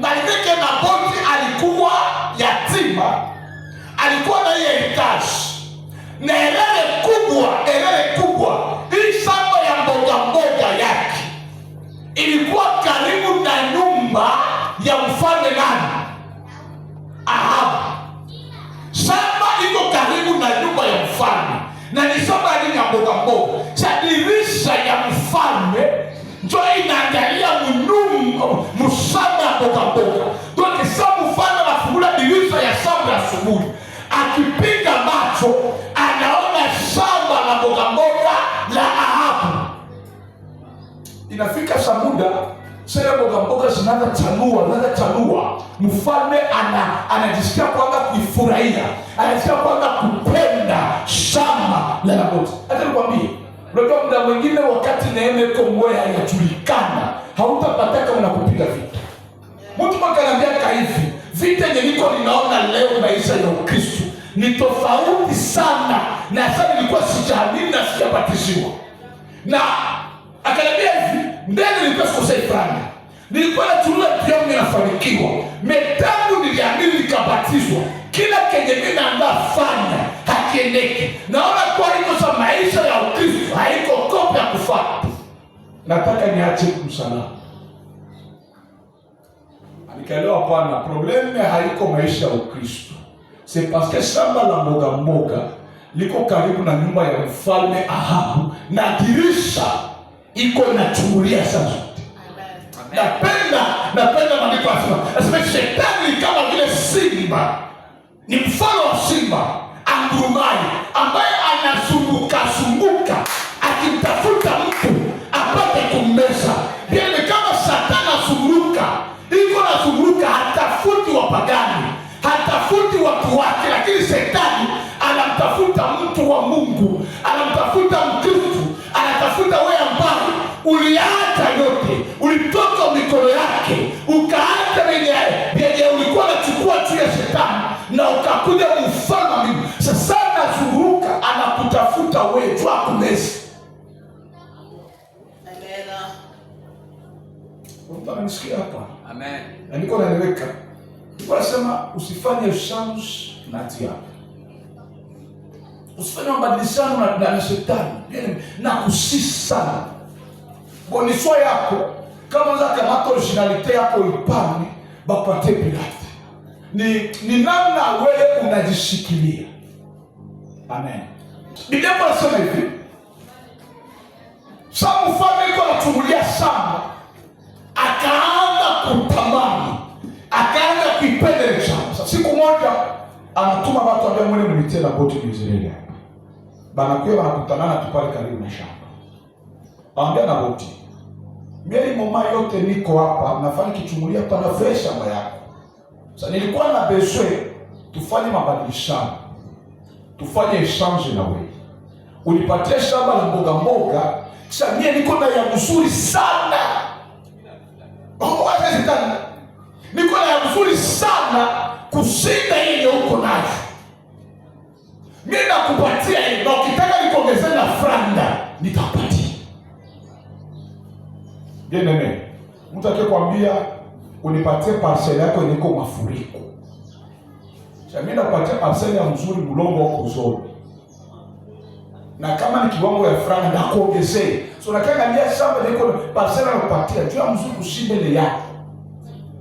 Melkizedeki Nabothi alikuwa yatima, alikuwa na hiyo hitaji na elele kubwa, elele kubwa. Hii shamba ya mboga mboga yake ilikuwa karibu na nyumba ya mfalme nani? Ahabu. Shamba iko karibu na nyumba ya mfalme na ni shamba lini ya mboga mboga. Cha dirisha ya mfalme njo inaangalia mnungo zinazochanua zinazochanua, mfalme ana- anajisikia kwamba kuifurahia, anajisikia kwamba kupenda shamba la Naboti. Hata nikwambie, unajua muda mwingine wakati neema iko mwe haijulikana, hautapataka unakupiga vita. Mtu makanaambiaka hivi vita niliko ninaona leo maisha ya Ukristo ni tofauti sana na sasa, nilikuwa sijaamini na sijabatizwa, na akaniambia hivi mbele nilikuwa sikosei fulani nilikuwa nachuruza vitu inafanikiwa, metangu niliamini, nikabatizwa, kila kenye mi naandaa fanya hakiendeki. Naona kuwa niko za maisha ya ukristu haiko kope ya kufaa, nataka niache msalama Nikaelewa pana probleme haiko maisha ya Ukristo, se paske shamba la mboga mboga liko karibu na nyumba ya mfalme Ahabu na dirisha iko inachungulia sasa Napenda, napenda maandiko ya Simba. Nasema shetani kama vile simba, ni mfano wa simba angurumaye ambaye anazunguka zunguka Mungu amenisikia hapa. Amen. Na niko naeleweka. Niko nasema usifanye ushawishi na tia. Usifanye mabadilishano na na shetani. Na kusisi sana. yako kama za kamato originalite yako ipani bapate Pilate. Ni ni namna wewe unajishikilia. Amen. Biblia inasema hivi. Samu mfalme alikuwa anachungulia sana anatuma watu ambao mwene mlitia na boti New Zealand. Banakuwa wanakutanana na pale karibu na shamba. Anambia na boti. Mimi mama yote niko hapa nafanya kichungulia pana fresh shamba yako. Sasa nilikuwa na beswe tufanye mabadilishano. Tufanye exchange na wewe. Unipatie shamba la mboga mboga, kisha mimi niko na ya mzuri sana. Oh, acha Niko na ya mzuri sana kushinda ile uko nayo. Mimi nakupatia hii, na ukitaka nikuongezee na franda nitakupatia. Je, nene mtu akikwambia unipatie parcel yako iliko mafuriko, mimi nakupatia parcel ya mzuri mlongo wa uzuri na kama ni kiwango ya franga na kuongezee. So nakiangalia shamba liko parcel na kupatia juu ya mzuri kushinda ile yako,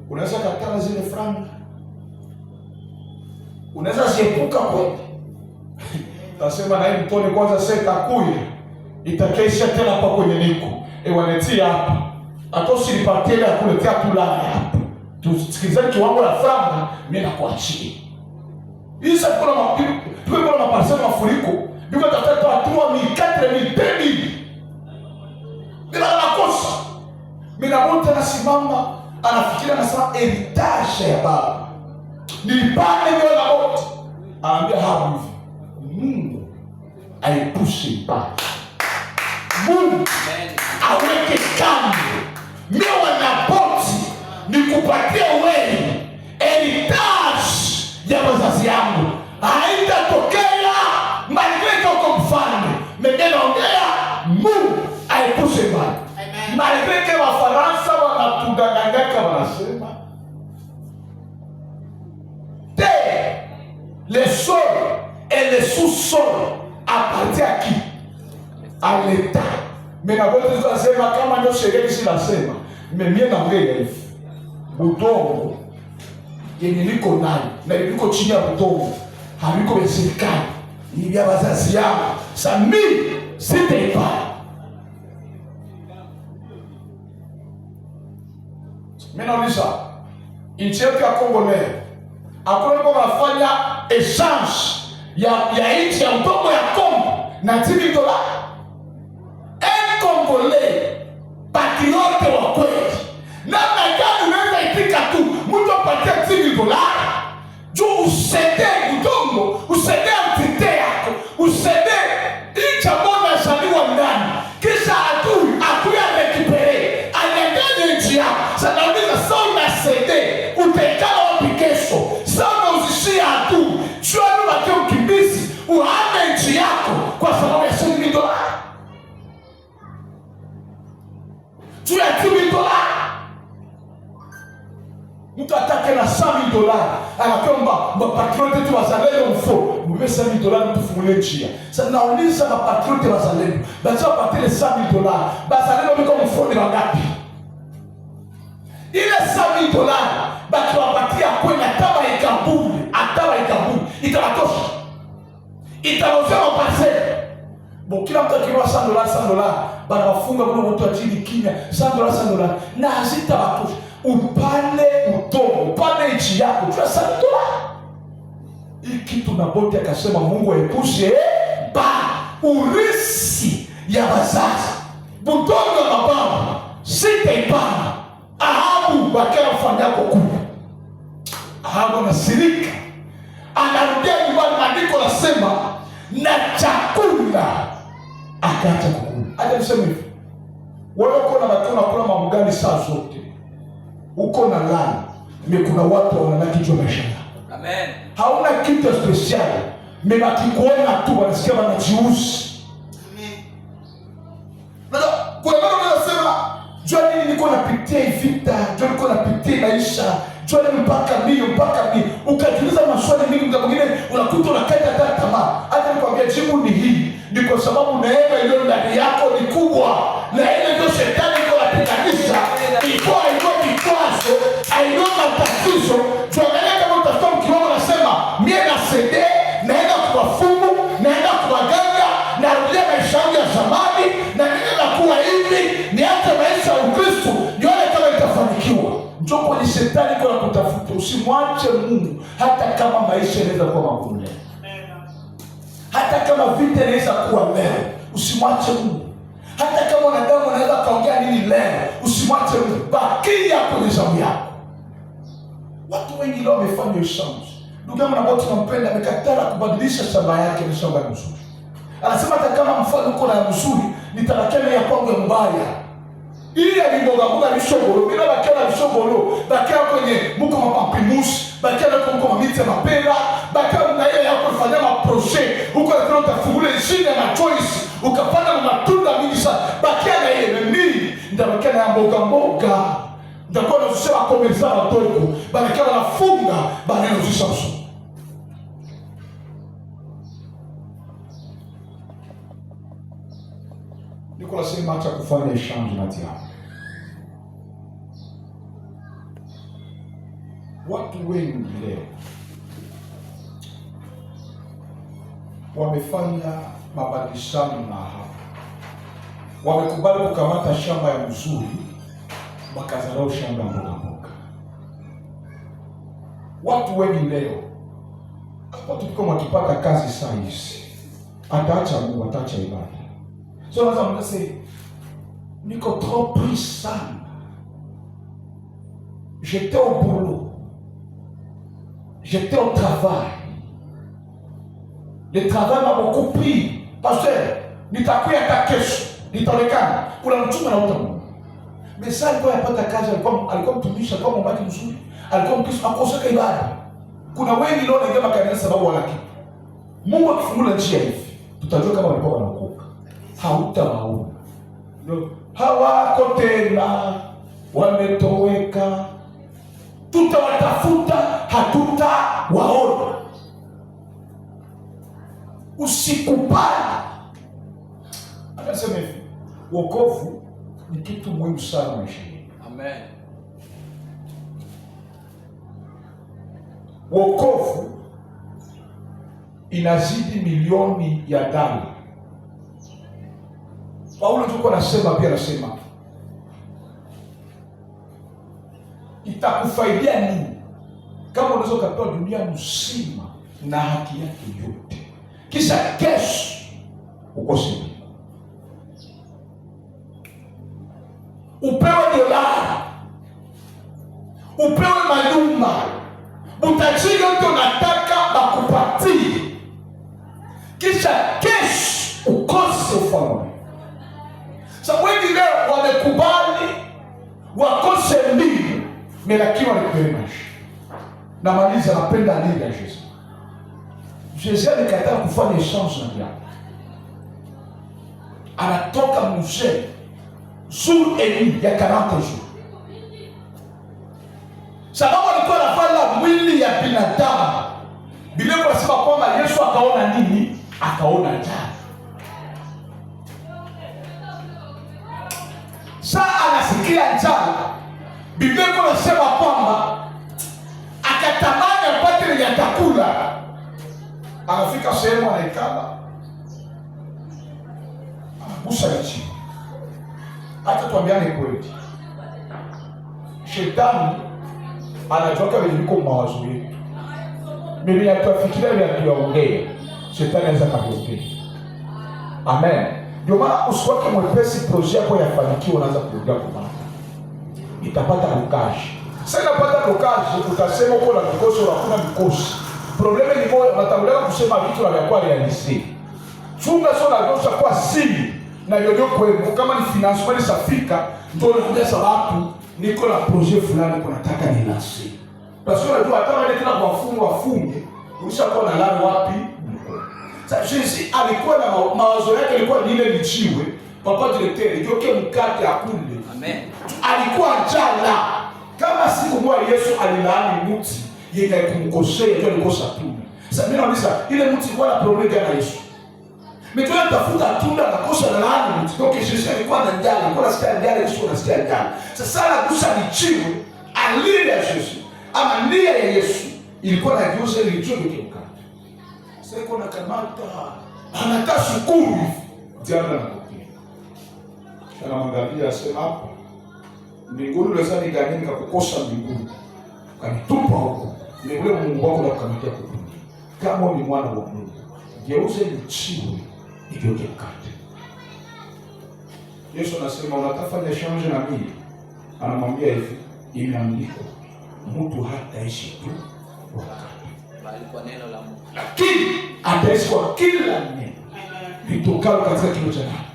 unaweza katana zile franga unaweza ziepuka kwenda. na hii mtoni kwanza seta kuya itakaisha tena kwa kwenye niko ewanetia eh, hapa hata usinipatie ile akuletea tulani hapa tusikilizane kiwango la franga, mimi nakuachia. Hii sasa kuna mapigo tuko kuna mapasema mafuriko biko tafata hatua mi 4 mi 2000 bila nakosa mimi nabote nasimama anafikiria na saa heritage ya baba nilipande wewe aambia hapo hivi, Mungu aepushe mbali, Mungu aweke kando. Mewa na poti nikupatia wewe heritage ya wazazi yangu, haitatokea maliveta uko mfalme ongea, Mungu aepushe ibada, malivete wa Faransa wanatudanganyaka wanasema Jésus solo appartient à qui? À l'État. Mais na bote tu nasema kama ndio sheria hizi nasema, mimi na mbele hivi. Budongo yenye niko nayo na niko chini ya budongo haliko vya serikali ni vya wazazi yangu. Sami sitaipa minaonisha nchi yetu ya Kongo leo akoneko nafanya exchange ya nchi ya mtomo ya Kongo na Timitola akatomba mapatriote wazalendo mfo mumesa mil dola mtufungule njia sa nauliza mapatriote wazalendo baza wapatile sa dola bazalendo biko mfo ni wangapi ile sa dola bato wapatia kwenda ata baekabuli ata baekabuli itabatosha itabozia mapase bo kila mtu akinua sa dola sa dola bana bafunga kuna moto achini kimya sa dola sa dola na hazitabatosha upande utomo nchi yako tunasatua ikitu Naboti akasema Mungu aepushe ba urisi ya wazazi butonga mababu sitaipana Ahabu wakeafanyako kubwa. Ahabu anasirika, anarudia nyumbani. Maandiko nasema na chakula akaacha kukula. Acha niseme hivi, wewe uko na watu nakula mambo gani saa zote? Uko na lana mimi kuna watu wanabaki kichwa maisha Amen. Hauna kitu special. Mimi tu wanasikia wanajiuzi. Amen. kwa maana unasema jua nini niko napitia vita, jua niko napitia maisha, jua mpaka mpaka Ukajiuliza maswali mengi mwingine unakuta unakata hata tamaa. jibu ni hii. Ni kwa sababu neema iliyo ndani yako ni kubwa. Neema niangalia maisha yangu ya zamani na nini nakuwa hivi, niache maisha ya Ukristo nione kama itafanikiwa. Mchoko ni shetani kwa kutafuta, usimwache Mungu hata kama maisha yanaweza kuwa magumu hata kama vita inaweza kuwa leo, usimwache Mungu hata kama wanadamu wanaweza kaongea nini leo, usimwache Mungu, bakia kwenye zamu yako. Watu wengi leo wamefanya usamuzi. Ndugu yangu ambayo tunampenda amekataa kubadilisha shamba yake, ni shamba nzuri Anasema hata kama mfalme uko na ya mzuri, nitabakia na ya kwangu ya mbaya. Ili alibogaboga lishobolo, bila bakia na lishobolo, bakia kwenye muko mapapimusi, bakia na kwa muko mamiti ya mapera, bakia na hiyo yako ifanya maproje, huko na tena utafungule jina na choice, ukapanda matunda mingi sana, bakia na hiyo mimi, nitabakia na mboga mboga. Nitakuwa na susema komeza watoto, bakia wanafunga, bakia na susema Niko nasema hata kufanya shanginat watu wengi leo wamefanya mabadilishano na hapa, wamekubali kukamata shamba ya mzuri, wakazarau shamba ya mboga mboga. Watu wengi leo watu tuko wakipata kazi saa hizi, ataacha Mungu, ataacha ibada c'est un Nico, trop ça. J'étais au boulot. J'étais au travail. Le travail m'a beaucoup pris. Pasteur, à ta kesho, nitaonekana. Kuna mtume anaota il ça, a ne kazi, alikuwa alikuwa mtumishi, alikuwa mwombaji il alikuwa a akoseka a Kuna wengi leo il makanisa sababu pas Mungu njia hivi, tutajua kama walikuwa hautawaona. Ndio hawako tena, wametoweka, tutawatafuta hatutawaona. Usikubali. Anasema hivi, wokovu ni kitu muhimu sana maishani. Amen. Wokovu inazidi milioni ya dola Paulo tuko anasema pia, anasema itakufaidia nini kama unaweza ukapewa dunia mzima na haki yake yote, kisha kesho ukose upewe dolara, upewe majumba, utajiri yote unataka bakupatie, kisha kesho ukose ufalme mais la qui va récupérer ma namaliza napenda aliga jésus jésus alikataa kufanya échange na biamu anatoka mushe jour eni ya karante jour sababu alikuwa anafanya mwili ya binadamu Biblia inasema kwamba Yesu akaona nini? Akaona njaa. Saa anasikia njaa Biblia inasema kwamba akatamani apate lenye atakula, anafika sehemu anaikaba, anagusa nchi. Hata tuambiane kweli, shetani anatoka viliko mawazo yetu, mimi atafikiria vya kuongea, shetani anaweza kakuongea. Amen. Ndio maana usiwake mwepesi proje yako yafanikiwa, unaanza kurudia kwa maana itapata lukaji. Sasa inapata lukaji, utasema uko na mikosi au hakuna mikosi. Problema ni moja, watauleka kusema vitu na vyakuwa realisi. Chunga sio na dosa kwa siri na yoyo kwenu, kama ni ni safika, ndio unakuja sababu niko na proje fulani kwa nataka ni nasi. Basi unajua hata wale tena wafungu wafunge, ushakuwa na lani wapi? Sasa alikuwa na mawazo yake ilikuwa ni ile lichiwe papa Papajileteni njoke mkate akule. Amen. Alikuwa njala. Kama siku moja Yesu alilaani mti yenye kumkosea, ndio alikosa tunda. Sasa mimi nauliza ile mti ilikuwa na problemu gani na Yesu? Mitume tafuta tunda na kosa na laani mti. Ndio kisha alikuwa na njala, alikuwa na stia njala, Yesu na stia njala. Sasa sala kusa ni chivu alile ya Yesu. Ama nia ya Yesu ilikuwa na kiusa ile chivu kimkate. Sasa iko na kamata anataka shukuru. Jambo Anamwangalia asema hapa mbinguni, lazima niganie nikakukosa mbinguni, ukanitupa huko mbinguni, Mungu wako na kukamata huko. Kama ni mwana wa Mungu, geuze lichiwe igeuke mkate. Yesu anasema unatafanya change na mimi, anamwambia hivi, imeandikwa mtu hataishi tu kwa neno la Mungu, lakini ataishi kwa kila neno litokalo katika kinywa cha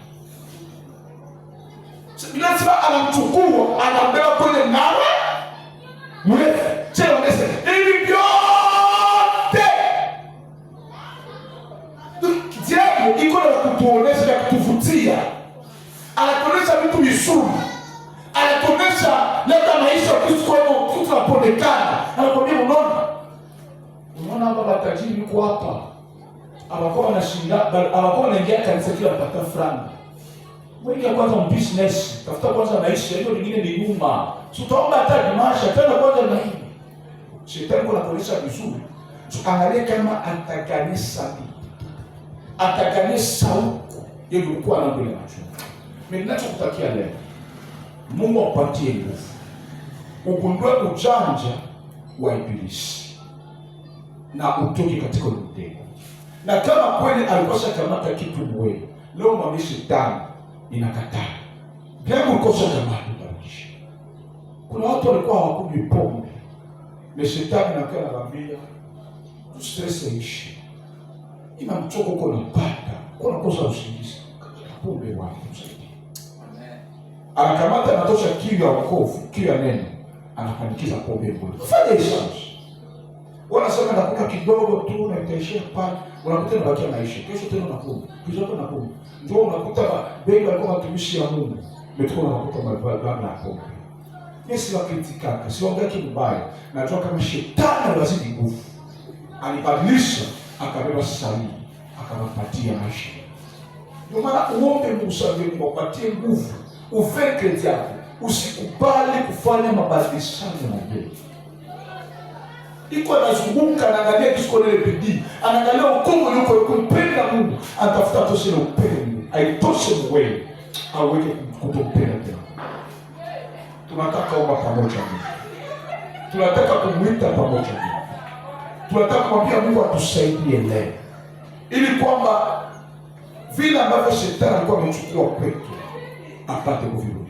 lazima anamchukua anambeba kwenye mnara mrefu cheonese ili iko na kutuonesha na kutuvutia, anatuonesha vitu vizuri, anatuonesha labda maisha kusikoo kitu anakwambia unaona, unaona hapa matajiri yuko hapa, anakuwa anashinda, anakuwa anaingia kanisa kila mpaka franga Mweka kwanza business, tafuta kwanza maisha, hiyo lingine ni nyuma. Si hata dimasha tena kwanza na hii. Shetani kuna kuonesha vizuri. So angalia kama atakanisa vipi. Atakanisa huko. Yeye ulikuwa na mbele macho. Mimi ninachokutakia leo. Mungu akupatie nguvu. Ugundue ujanja wa ibilisi. Na utoke katika mtego. Na kama kweli alikosa kamata kitu mwe. Leo mwambie shetani inakataa. Hebu kosa tamaa tutaishi. Kuna watu walikuwa hawakunywi pombe. Na shetani na kana kwambia ishi. Ina mchoko uko napata. Kuna kosa usingizi. Pombe wapi msaidie. Anakamata anatosha kiu ya wokovu, kiu neno. Anapandikiza pombe mbona. Fanya hesabu. Wala sema nakula kidogo tu na itaishia pale. Unakuta unabakia maisha. Kesho tena unakula. Kesho tena unakula. Ndio unakuta wengi alikuwa watumishi ya Mungu. Umetoka unakuta mababa na hapo. Mimi siwakitikaka, siwaongea kitu mbaya. natoka kama shetani aliwazidi nguvu. Alibadilisha akabeba sahihi, akawapatia maisha. Ndio maana uombe Mungu sababu Mungu nguvu. Ufeke yako. Usikubali kufanya mabadilishano na mbele iko anazunguka anaangalia kiskonele bidii, anaangalia ukovu yuko kumpenda Mungu, anatafuta toshe na upendo, aitoshe mwewe aweke kutompenda tena. Tunataka omba pamoja, tunataka kumwita pamoja, tunataka kumwambia Mungu atusaidie leo, ili kwamba vile ambavyo shetani alikuwa amechukua kwetu apate kuviru